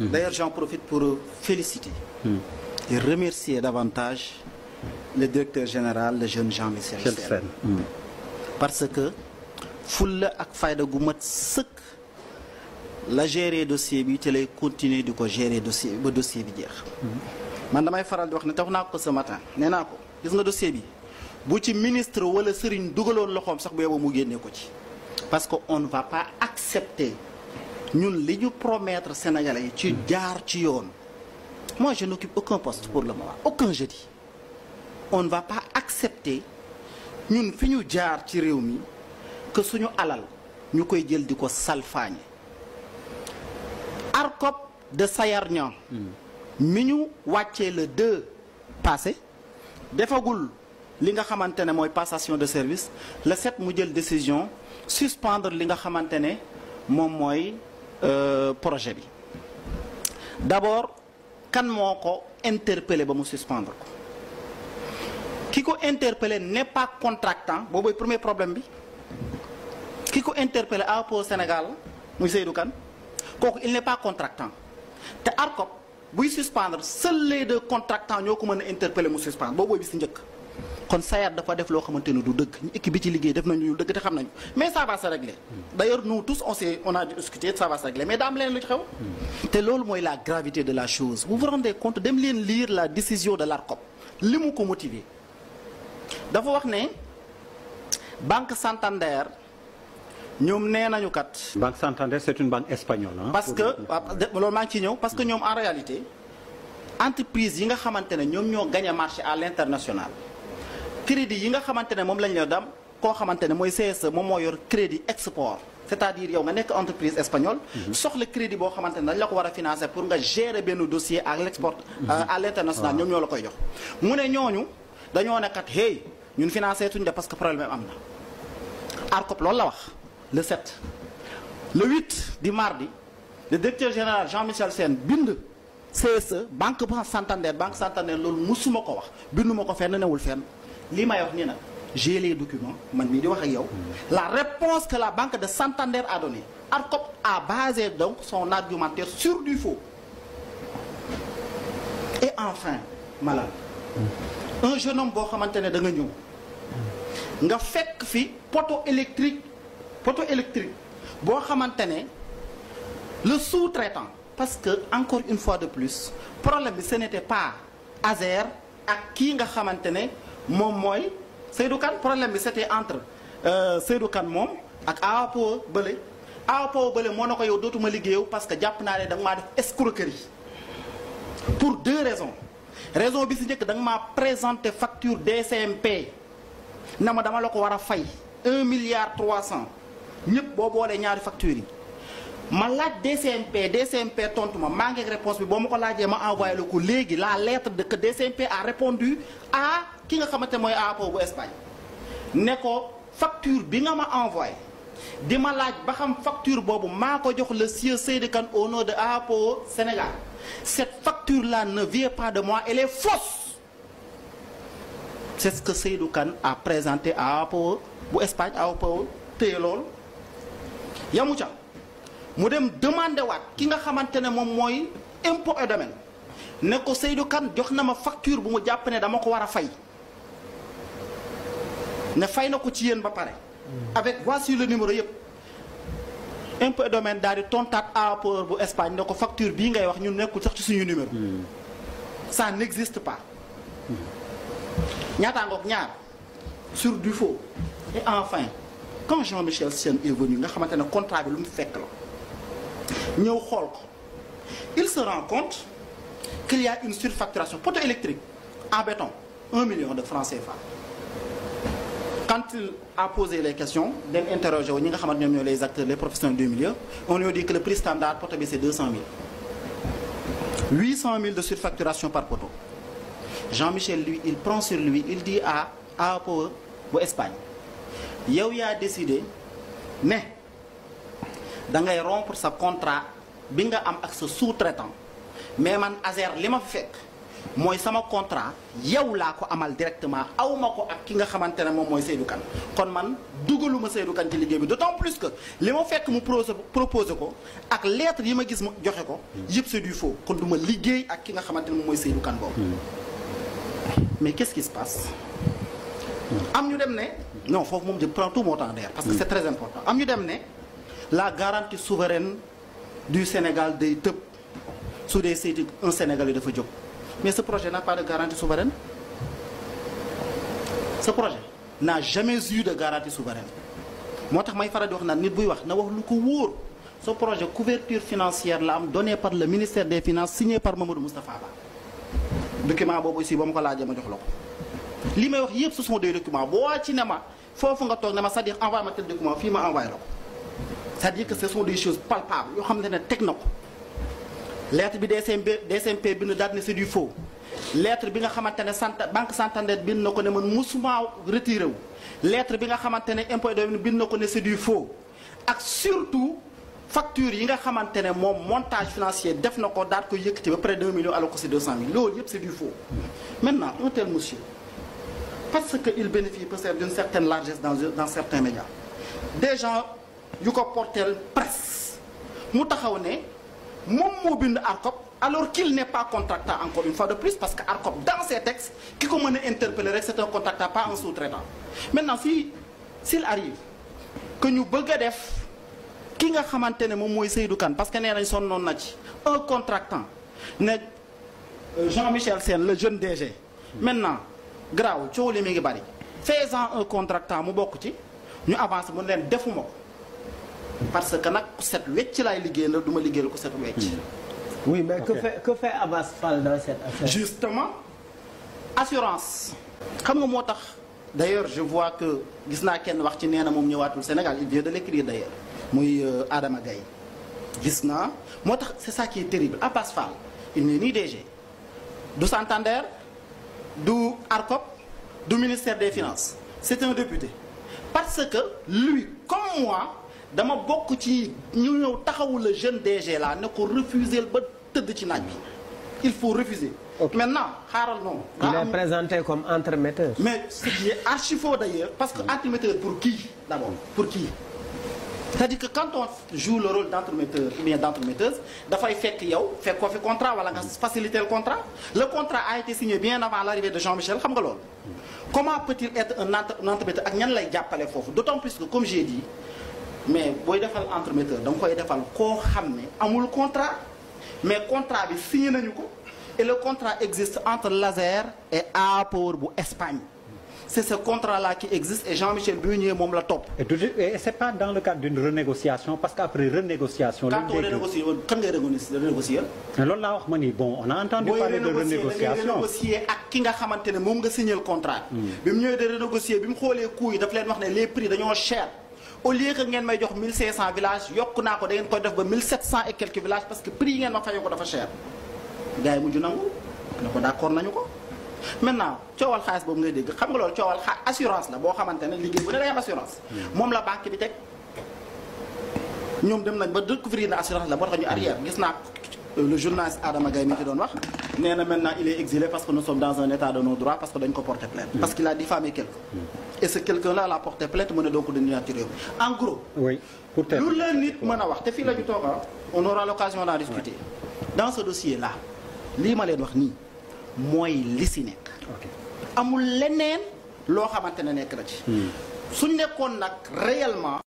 Mhm. D'ailleurs, j'en profite pour féliciter mhm. et remercier davantage le directeur général, le jeune Jean-Michel mhm. Parce que, full ak fayda gu la gérer dossier bi te l'es continuer gérer dossier dossier bi Mme man damay faral de wax ce matin vous naa le dossier bi bu ministre ou le dugaloon loxoom sax bu yeboo parce qu'on on ne va pas accepter ñun li ñu promettre Sénégalais yi ci jaar ci yoon moi je n'occupe aucun poste pour le moment aucun je dis on ne va pas accepter ñun fi ñu jaar ci réew mi que suñu alal ñu koy jël di ko ARCOP de Sayarnian, mi ñu wàccee le 2 passé defagul li nga xamante ne passation de service le 7 mu jël décision suspendre li nga xamante ne moom euh, projet d'abord quand on interpelle, interpellé ba me suspendre qui ki interpellé n'est pas contractant le premier problème qui interpelle à APO Sénégal muy Seydou donc il n'est pas contractant te ARCOP vous suspendre seuls les deux contractants qui ont interpeller interpellé mu suspendre vous bi premier kon sayat dafa def lo xamanteni du deug ñu équipe bi ci liggéey def nañu dëgg te xam nañu mais ça va se régler d' nous tous on sait, on a discuté ça va se régler mais daa leen lu ci xew té lool moy la gravité de la chose vous vous rendez compte dem leen lire la décision de l'ARCOP li ko motiver dafa wax né banque Santander ñoom nee nañu kat. banque Santander c'est une banque espagnole. Hein, parce que loolu maa ngi ci ñew parce que ñom en réalité entreprise yi nga xamante ñom ñoo gagné marché à l'international crédit yi nga xamantene mom moom lañ la dam ko xamantene moy CS, e, mom mo yor crédit export c'est-à-dire yow nga nek entreprise espagnole mhm. soxla crédit bo xamantene dañ la ko wara financer pour nga gérer benn dossier à l'export mhm. euh, à l'international ñoom ñoo la koy jox mu ne ñooñu dañoo hey ñun financé tuñ de parce que problème am na ARCOP lool la wax le 7 le 8 di mardi le directeur général Jean-Michel Sen bind CSE banque Santander banque Santander lool musuma ko wax binduma ko fenn newul fenn les j'ai les documents mm. la réponse que la banque de Santander a donnée ARCOP a basé donc son argumentaire sur du faux et enfin malade mm. un jeune homme a xamante de da nga mm. nga que fi poteau électrique poteau électrique boo le sous-traitant parce que encore une fois de plus problème ce n'était pas Azer ak qui nga xamante moom moy Seydou kan problème bi c'était entre euh Seydou kan mom ak AAPO bële AAPO bële moo yow dotuma liguéw parce que jàpp naa ne da nga def escroquerie pour deux raisons raison bi si njëkk da nga maa facture DCMP nama dama lako wara fay 1 milliard 300 cent bo bolé ñaari facture yi Malade DCMP DCMP tontu ma manque réponse bi bon mon collègue ma envoyé le collègue la lettre de que DCMP a répondu à qui nga pas mooy APO bu Espagne l'Espagne. Neko, facture bi nga ma envoyé di ma laaj facture bobo. ma le sieur Seydou Kane au nom de APO Sénégal cette facture là ne vient pas de moi elle est fausse c'est ce que Seydou Kan a présenté à APO ou Espagne APO téye Yamoucha mu dem demandé waat ki nga xamante ne moom impôt et domaine ne ko Seydou Kane jox facture bu mu jàpp dama ko fay ne fay na ko ci yéen ba pare. avec voici le numéro yëpp. impôt et domaine daal di tontaat aéroport bu Espagne ne facture bii ngay wax ñun nekkul sax ci suñu numéro. Hmm. ça n'existe pas. ñaataa ngoog ñaar sur du faux. et enfin quand Jean-Michel Sène est venu nga xamante ne contrat bi lu fekk la il se rend compte qu'il y a une surfacturation poteau électrique en béton 1 million de francs CFA. quand il a posé les questions il a interrogé les acteurs les professionnels du milieu on lui a dit que le prix standard pour c'est 200 000 800 000 de surfacturation par poteau Jean-Michel lui il prend sur lui il dit à Apo, en e Espagne il a décidé mais dangay rompre sa contrat bi nga am ak sa sous-traitant mais man Azer li ma fek moy sama contrat yow la ko amal directement aw ko ak ki nga xamantene mom moy Seydou kan kon man dugaluma Seydou kan ci liguey bi d'autant plus que li ma fekk mu pro ko ak lettre yima gis mu joxe ko yëpp c'est du faux kon duma liguey ak ki nga xamantene mom moy Seydou kan boobu hmm. mais qu'est-ce qui se passe am ñu dem ne non fofu mom je prends tout mon temps d'ailleurs parce que hmm. c'est très important am ñu dem ne la garantie souveraine du Sénégal des TEP sous des sites un Sénégalais dafa mais ce projet n'a pas de garantie souveraine ce projet n'a jamais eu de garantie souveraine Moi, je may faral wax nit ce projet couverture financière la donné par le ministère des finances signé par Mamadou Moustapha Le document est aussi je ko laajee ma jox li ce sont des documents boo ci ne ma nga ne ma c'est-à-dire envoyé moi tel document ma envoyé c'est-à-dire que ce sont des choses palpables yoo xam ne ne teg na ko lettre bi DCMP c'est du faux lettre bi nga banque Santander c'est du faux. L'être de musuma retiré lettre bi nga xamante impôt c'est du faux ak surtout facture yi nga xamante mom montage financier def nako ko ko yëkkati ba près 2 millions alors que c'est 200 cent yëpp c'est du faux maintenant un tel monsieur parce que il bénéficie peut-être d'une certaine largesse dans dans certains médias des gens yu ko porteel presse mu taxaw ne mom mo bind ARCOP alors qu'il n'est pas contractant encore une fois de plus parce que ARCOP dans ses textes qui ko mën interpeller c'est un contractant pas un sous-traitant maintenant si s'il arrive que nous bëgg def ki nga xamante ne moom mooy Seydou kan parce que né nañ sonnoon na ci un contractant né euh, Jean-Michel Sen le jeune DG maintenant graw coow li mi ngi bari faisant un contractant mu bok ci ñu avance mu len defuma parce que nak set wetch lay liggéeyal set wetch oui mais que fait que fait Abass Fall dans cette affaire. justement assurance. xam nga motax d'ailleurs je vois que Gisna naa kenn wax ci nee mom Sénégal il vient de l'écrire d'ailleurs, ailleurs Adama Gaye gis c'est ça qui est terrible Abbas Fall il n'est ni DG du Santander du ARCOP du ministère des finances C'est un député parce que lui comme moi dama bokk ci ñu taxawu le jeune DG la ne ko refuser le but il faut refuser. maintenant Harald, non. il est présenté comme entremetteur. mais ce qui est archi faux d'ailleurs parce que mm. entremetteur pour qui d'abord pour qui. c'est-à-dire que quand on joue le rôle d'entremetteur ou bien d'entremetteuse faut fekk yow fekk ko fi contrat wala mm. faciliter le contrat le contrat a été signé bien avant l'arrivée de Jean-Michel mm. comment peut-il être un entremetteur d'autant plus que comme j'ai dit mais vous defal entremetteur da nga koy defal ko xamné ne amul contrat mais contrat bi signé nañu ko et le contrat existe entre Laser et Apor bu Espagne c'est ce contrat-là qui existe et Jean-Michel bi est le la top. et c'est pas dans le cadre d'une renégociation parce qu'après renégociation. quand on renégocie kan ngay renégocier. loolu wax bon on a entendu parler de renégociation renégocier ak ki nga xamante ne signé le contrat. Hmm. bi vous de renégocier bi mu xoolee daf les prix dañoo cher. au lieu que ngeen may jox 1500 villages yokk naa ko da ngeen koy def ba 1700 et quelques villages parce que prix yi ngeen ma fayoo ko dafa cher. gars yi mujj nangu ne ko d'accord nañu ko maintenant coowal xaalis boobu ngay dégg xam nga loolu coowal xa assurance la boo xamante ne liggéey bu ne day am assurance. Hmm. moom la banque bi teg ñoom dem nañ ba découvrir na assurance la moo tax ñu arrière gis naa euh, le journaliste Adama Gaye mi ci doon wax. maintenant il est exilé parce que nous sommes dans un état de nos droits parce que a ko porté plainte mm. parce qu'il a diffamé quelqu'un mm. et ce quelqu'un là l'a porté plainte mon ne donc de naan en gros oui pour nous, ah, mm. on aura l'occasion d'en discuter dans ce dossier là lii ma leen wax nii mooy li si nekk amul leneen loo ne nekk ci réellement